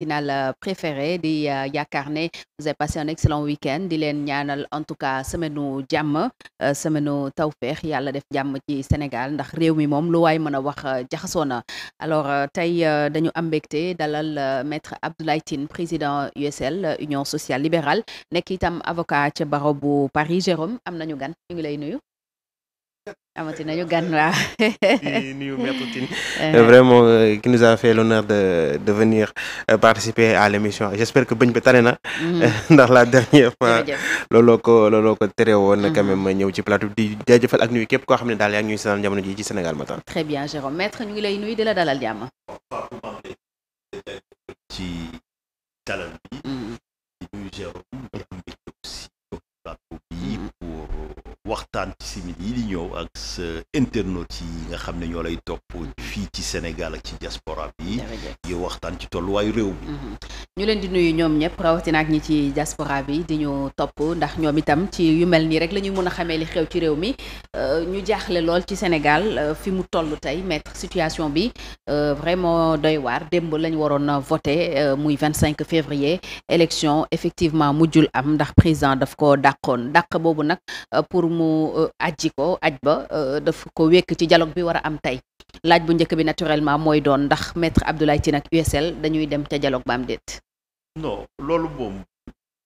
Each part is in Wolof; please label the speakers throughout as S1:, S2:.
S1: matinale euh, préférée di euh, yaakaar ne vous avez passé un excellent week-end di leen ñaanal en tout cas semaine u jàmm euh, semaine u tawféex yàlla def jàmm ci Sénégal ndax réew mi moom lu waay mën a wax jaxasoo na alors tey dañu am mbégte dalal maître Abdoulaye Tine président USL Union sociale libérale nekk itam avocat ca barreau bu Paris Jérôme am nañu gan ñu ngi lay nuyu amati nañu gan waaw. di nuyu Maître Tine
S2: eh. euh, vraiment euh, qui nous a fait l'honneur de de venir euh, participer à l'émission j'espère que bëñ bi tane na. Mm-hmm. ndax la dernière fois. looloo ko looloo ko tere woon. Mm-hmm. quand même ñëw ci plateau di jaajëfal ak nuyu képp koo xam ne daal yaa ngi ñuy jamono ji ci Sénégal Matin.
S1: très bien Jérôme maître ñu ngi lay nuyu di la dalal jàmm.
S2: ci
S3: waxtaan ci simili yi di ñëw ak sa yi nga xam ne ñoo lay topp fii ci Sénégal ak ci diaspora bi yi waxtaan ci tolluwaayu réew
S1: bi mhm. ñu leen di nuyu ñoom ñëpp rawatina ak ñi ci jaspora bi di ñu topp ndax ñoom itam ci yu mel nii rek lañuy ñuy mën a xamee li xew ci réew mi euh, ñu jaaxle lool ci Sénégal euh, fi mu toll tey maitre situation bi euh, vraiment doy waar démb lañ waroon a voté muy 25 février élection effectivement mujjul am ndax président daf ko dàqoon dàq mu euh, ajji ko aj ba euh, daf ko wekk ci dialogue bi war a am tey laaj bu njëkk bi naturellement mooy doon ndax maître Abdoulaye Tine ak USL dañuy dem ca dialogue baam am déet.
S3: loolu moom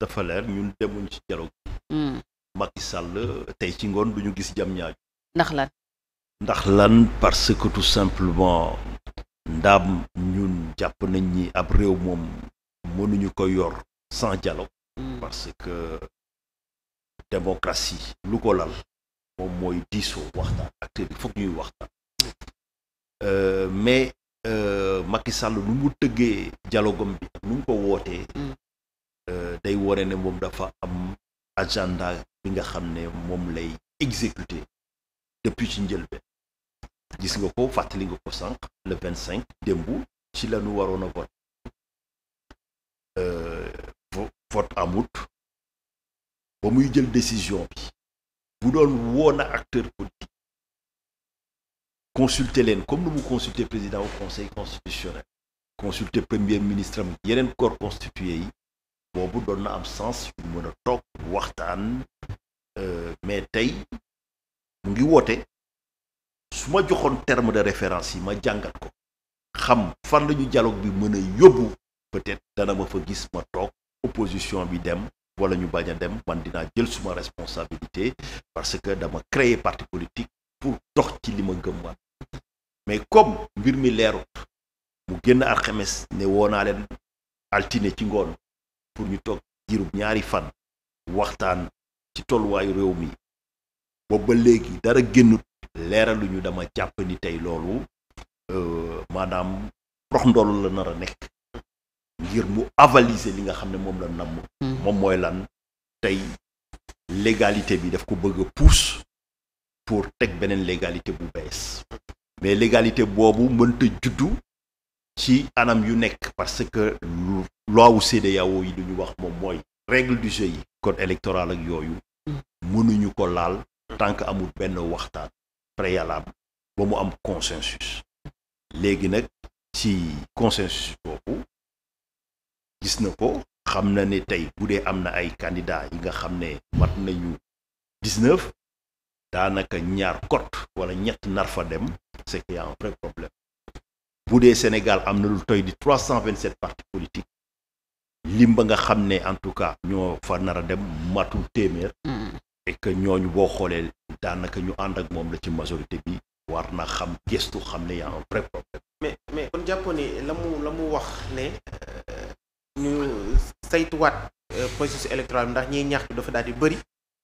S3: dafa leer ñun demuñ ci dialogue. Hmm. Macky Sall tey ci ngoon du ñu gis jam ñaaju. ndax lan. ndax lan parce que tout simplement ndam ñun jàpp nañ ñi ab réew moom mënuñu ko yor sans dialogue. Hmm. parce que démocratie lu ko lal moom mooy diisoo waxtaan acteurs yi foog ñuy waxtaan euh, mais euh, Macky Sall lu mu tëggee dialogam bi ak ko wootee mm. euh, day wone ne moom dafa am agenda bi nga xam ne moom lay exécuter depuis ci njëlbeen gis nga ko fàttali nga ko sànq le vingt cinq démb ci la ñu waroon a vote vote amut ba muy jël décision bi bu doon woon na acteur politique consulter leen comme nu mu consulter président au conseil constitutionnel consulter premier ministre am yeneen corps constitué yi boobu doon na am sens yu mën a toog waxtaan euh, mais tey mu ngi woote su ma joxoon terme de référence yi ma jàngat ko xam fan lañu jaloog bi mën a yóbbu peut-être dana ma fa gis ma toog opposition bi dem wala ñu bañ a dem man dinaa jël suma responsabilité parce que dama créer parti politique pour tox ci li ma gëm mais comme mbir mi leerut mu génn alxames ne woo naa leen altine ci ngoon pour ñu toog jirub ñaari fan waxtaan ci tolluwaayu réew mi booba léegi dara génnut leeraluñu dama jàpp ni tey loolu euh, maanaam prox ndoolu la nar a nekk ngir mu avaliser li nga xam ne moom la namm hmm. moom mooy lan tey légalité bi daf ko bëgg a pousse pour teg beneen légalité bu bees mais légalité boobu mënta juddu ci anam yu nekk parce que loi wu CEDEAO yi duñu wax moom mooy règle du jeu yi code électoral ak yooyu hmm. mënuñu ko laal tant que amul benn waxtaan préalable ba mu am consensus léegi nag ci consensus boobu gis na ko xam na ne tey bu dee am na ay candidat yi nga xam ne mat nañu dix-neuf daanaka ñaar kot wala ñett nar fa dem c'est qu'il y vrai problème bu dee Sénégal am na lu toy di trois cent vingt-sept partis politiques lim ba nga xam ne en tout cas ñoo fa nar a dem matul téeméer mm-hmm. et que ñooñu boo xoolee daanaka ñu ànd ak moom la ci majorité bi war na xam
S2: gëstu xam ne y a vrai problème mais mais kon ni la mu wax ne euh, saytuwaat euh, processus électoral bi ndax ñiy ñaxtu dafa daal di bëri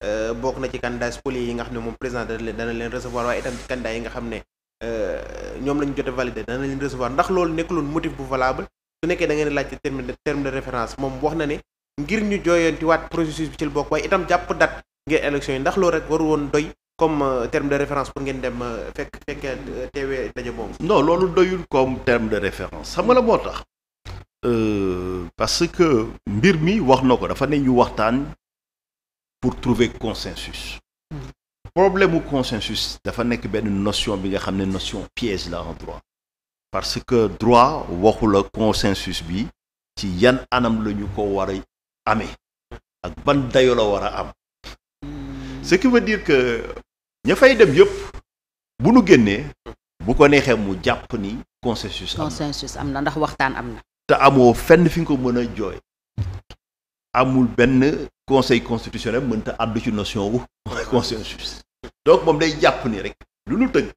S2: euh, bokk na ci candidats spoliés yi nga xam ne moom président dana leen dana leen recevoir waaye itam ci candidats yi nga xam ne euh, ñoom lañu jote validé dana leen recevoir ndax loolu nekkuloon motif bu valable su nekkee da ngeen laaj ci terme de terme de référence moom wax na ne ngir ñu jooyantiwaat processus bi ci bokk waaye itam jàpp date ngeen élection yi ndax loolu rek waru woon doy comme terme de référence pour ngeen dem fekk fekkee teewee daje boobu.
S3: non loolu doyul comme terme de référence xam la moo tax Euh, parce que mbir mi wax na ko dafa ne ñu waxtaan pour trouver consensus problème mu consensus dafa nekk benn notion bi nga xam ne notion piège la en droit parce que droit waxula consensus bi ci yan anam la ñu ko war a amee ak ban dayo la war a am ce qui veut dire que ña fay dem yëpp bu nu génnee bu ko neexee mu jàpp ni consensus am na
S1: consensus am na ndax waxtaan am na
S3: te amoo fenn fi nga ko mën a jooy amul benn conseil constitutionnel mën ta àddu ci notion wu conseil donc moom day jàpp ni rek lu nu tëgg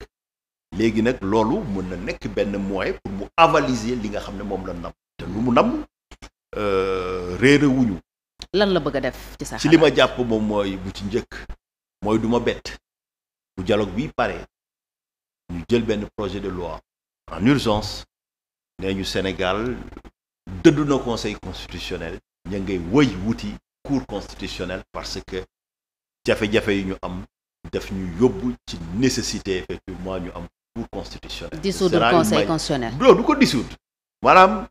S3: léegi nag loolu mën na nekk benn moyen pour mu avaliser li nga xam ne moom la nam te lu mu nam euh, réere wuñu
S1: lan la bëgg a def ci sax ci li ma
S3: jàpp moom mooy bu ci njëkk mooy du ma bett bu dialogue bi pare ñu jël benn projet de loi en urgence nee ñu Sénégal dëddu na conseil constitutionnel ña ngay wëy wuti cour constitutionnelle parce que jafe-jafe yi ñu am daf ñu yóbbu ci nécessité effectivement ñu am cour constitutionnelle. dissoudre conseil constitutionnel. non du ko dissoudre. maanaam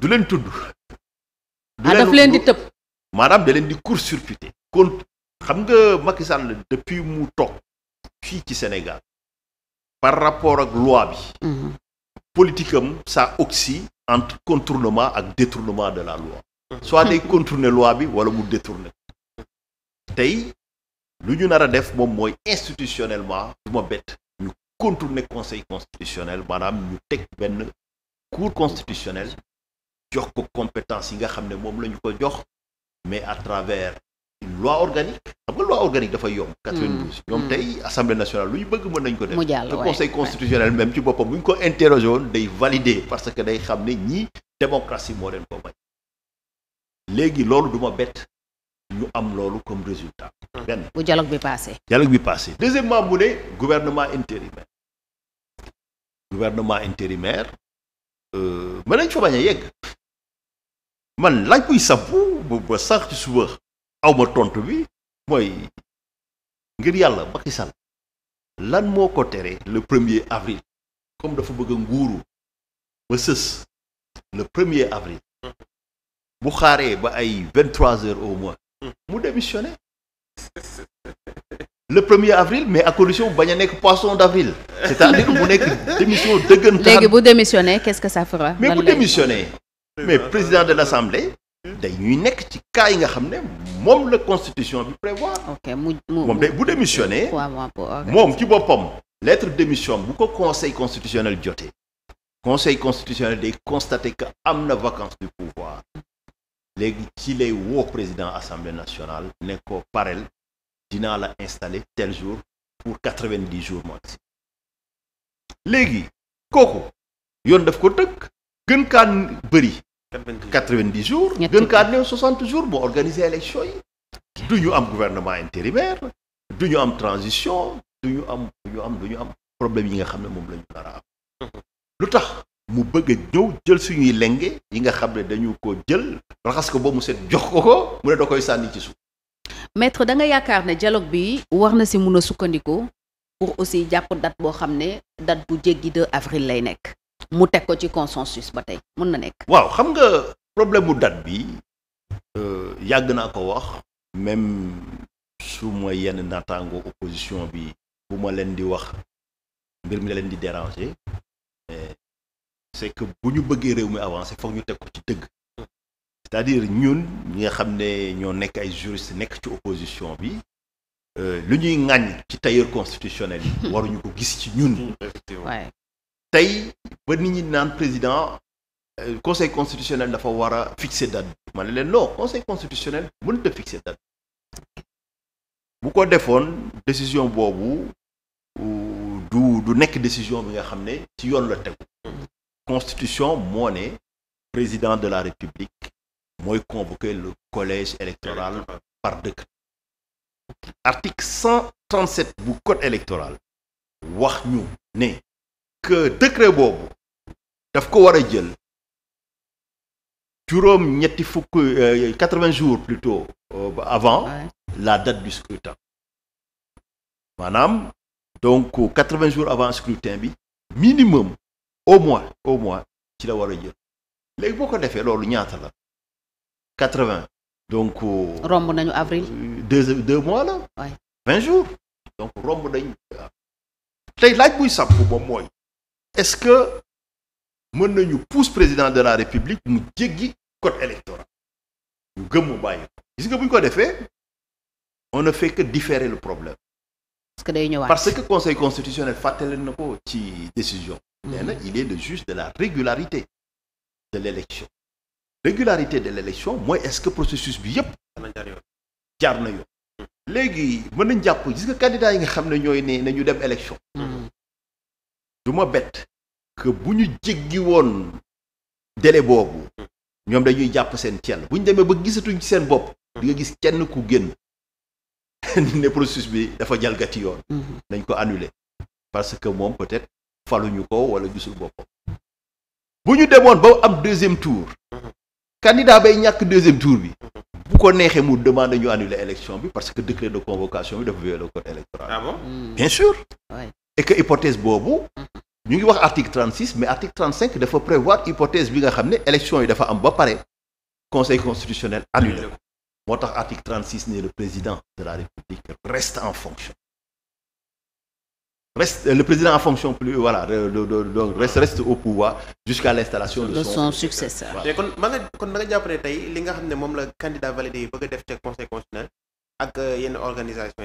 S3: du leen tudd. du ah, leen daf leen di tëb. maanaam da leen di court-circuité. kon xam nga Macky Sall depuis mu toog fii ci Sénégal. par rapport ak loi bi. Mhm. politique am ça oxy entre contournement ak détournement de la loi soit hmm. day contourner loi bi wala mu détourner tey lu ñu nar a def moom mooy institutionnellement du bett ñu contourner conseil constitutionnel maanaam ñu teg benn cour constitutionnel jox ko compétence yi nga xam ne moom la ñu ko jox mais à travers une loi organique xam nga loi organique dafay yomb. 92 hmm. ñoom hmm. tey assemblée nationale lu ñu bëgg mën nañ ko def. mu jàll le conseil constitutionnel même ci boppam bu ñu ko interroger woon day valider parce que day xam ne ñii démocratie moo leen ko loolu du ma bett ñu am loolu comme résultat. Hmm. benn
S1: bu dialogue bi passé.
S3: dialogue bi passé deuxièmement mu ne gouvernement intérimaire gouvernement intérimaire euh, mën nañ fa bañ a yegg man laaj buy sampu ba sax ci suba aw ma tontu bi. mooy ngir yàlla Macky Sall lan moo ko tere le premier avril comme dafa bëgg a nguuru ba sës le premier avril bu xaaree ba ay vingt trois heures au moins mu démissionné le premier avril mais à condition bañ a nekk poisson d'avril c'est-à-dire mu nekk démission dëggantaan léegi
S1: bu démissionné qu'est-ce que ça fera mais bu
S3: démissionné mais président de l'assemblée dañuy nekk ci cas nga xam ne moom la constitution bi prévoir. ok mu moom day bu démissionné. moom ci boppam. lettre de démission bu ko conseil constitutionnel jotee. conseil constitutionnel day constater que am na vacance du pouvoir léegi ci lay woo président assemblée nationale ne ko parel dinaa la installé tel jour pour quatre vingt dix jours mois léegi kooku yoon def ko tëkk gën kaan bëri 90 jours gën kaa néew 60 jours boo organiser élection yi du ñu am gouvernement intérimaire du ñu am transition du ñu am du am du ñu am problème yi nga xam ne moom la ñu nar am hmm. lu tax mu bëgg a ñëw jël suñuy lenge yi nga xam ne dañu ko jël raxas ko ba mu set jox ko ko mu ne da koy sànni ci suuf
S1: maître da yaakaar ne dialogue bi war na si mun a sukkandiku pour aussi jàpp date boo xam ne date bu jéggi 2 avril lay nekk mu teg ko ci consensus ba tey mën na nekk.
S3: waaw xam nga problème mu date bi euh, yàgg naa ko wax même su ma yenn naataango opposition bi bu ma leen di wax mbir mi la leen di déranger mais c'est que bu ñu bëggee réew mi avancer foog ñu teg ko ci dëgg. c'est-à-dire ñun ñi nga xam ne ñoo nekk ay juriste nekk ci opposition bi euh, lu ñuy ŋàññ ci tailleur constitutionnel yi waruñu ko gis ci ñun tey ba nit ñi naan président euh, conseil constitutionnel dafa war a fixer date bi ma ne leen non conseil constitutionnel mënut a fixer date bu ko defoon décision boobu euh, du du nekk décision bi nga xam ne ci yoon la tegu constitution moo ne président de la république mooy convoquer lu collège électoral par décret article 137 bu code électoral wax ñu ne que décret boobu daf ko war a jël juróom ñetti fukk euh, quatre-vingts jours plutôt euh, avant la date du scrutin maanaam donc quatre-vingts jours avant scrutin bi minimum au mois au mois ci la war a jël léegi boo ko defee loolu ñaata la quatre-vingts donc. Euh,
S1: romb nañu avril.
S3: deux deux mois la. vingt jour donc romb nañ. tey laaj buy sàpp moom mooy est-ce que mën nañu pousse président de la république mu jéggi code électoral ñu gëm bàyyi ko gis nga bu ko defee on ne fait que différer le problème.
S1: parce que day ñëwaat parce
S3: que conseil constitutionnel fàttali na ko ci décision. Mhm. nee na il est le juge de la régularité de l'élection régularité de l'élection mooy est-ce que processus bi yëpp jaar na yoon mhm. léegi mën na jàpp gis nga candidat yi nga xam ne ñooy ne ñu dem élection. Mhm. du ma bett que bu ñu jéggi woon délai boobu ñoom dañuy jàpp seen cell bu ñu demee ba gisatuñ ci seen bopp di nga gis kenn ku génn ne processus bi dafa jalgati yoon mhm. nañ ko annuler parce que moom peut-être faluñu ko wala gisul bopp bu ñu demoon ba am deuxième tour mhm. candidat bay ñàkk deuxième tour bi bu ko neexee mu demande ñu annuler élection bi parce que décret de convocation bi dafa violer code électoral ah
S2: mm. bien sûr ouais.
S3: et boobu mm. ñu ngi wax article 36 mais article 35 dafa prévoir hypothèse bi nga xam ne élection yi dafa am ba pare conseil constitutionnel annulé ko moo tax article 36 ne le président de la république
S2: reste en fonction
S3: reste le président en fonction plus voilà donc reste reste au pouvoir jusqu'à l'installation de son
S2: successeur mais kon ma nga kon tey li nga xam ne moom la candidat validé yi bëgg def ca conseil constitutionnel ak euh, yenn organisation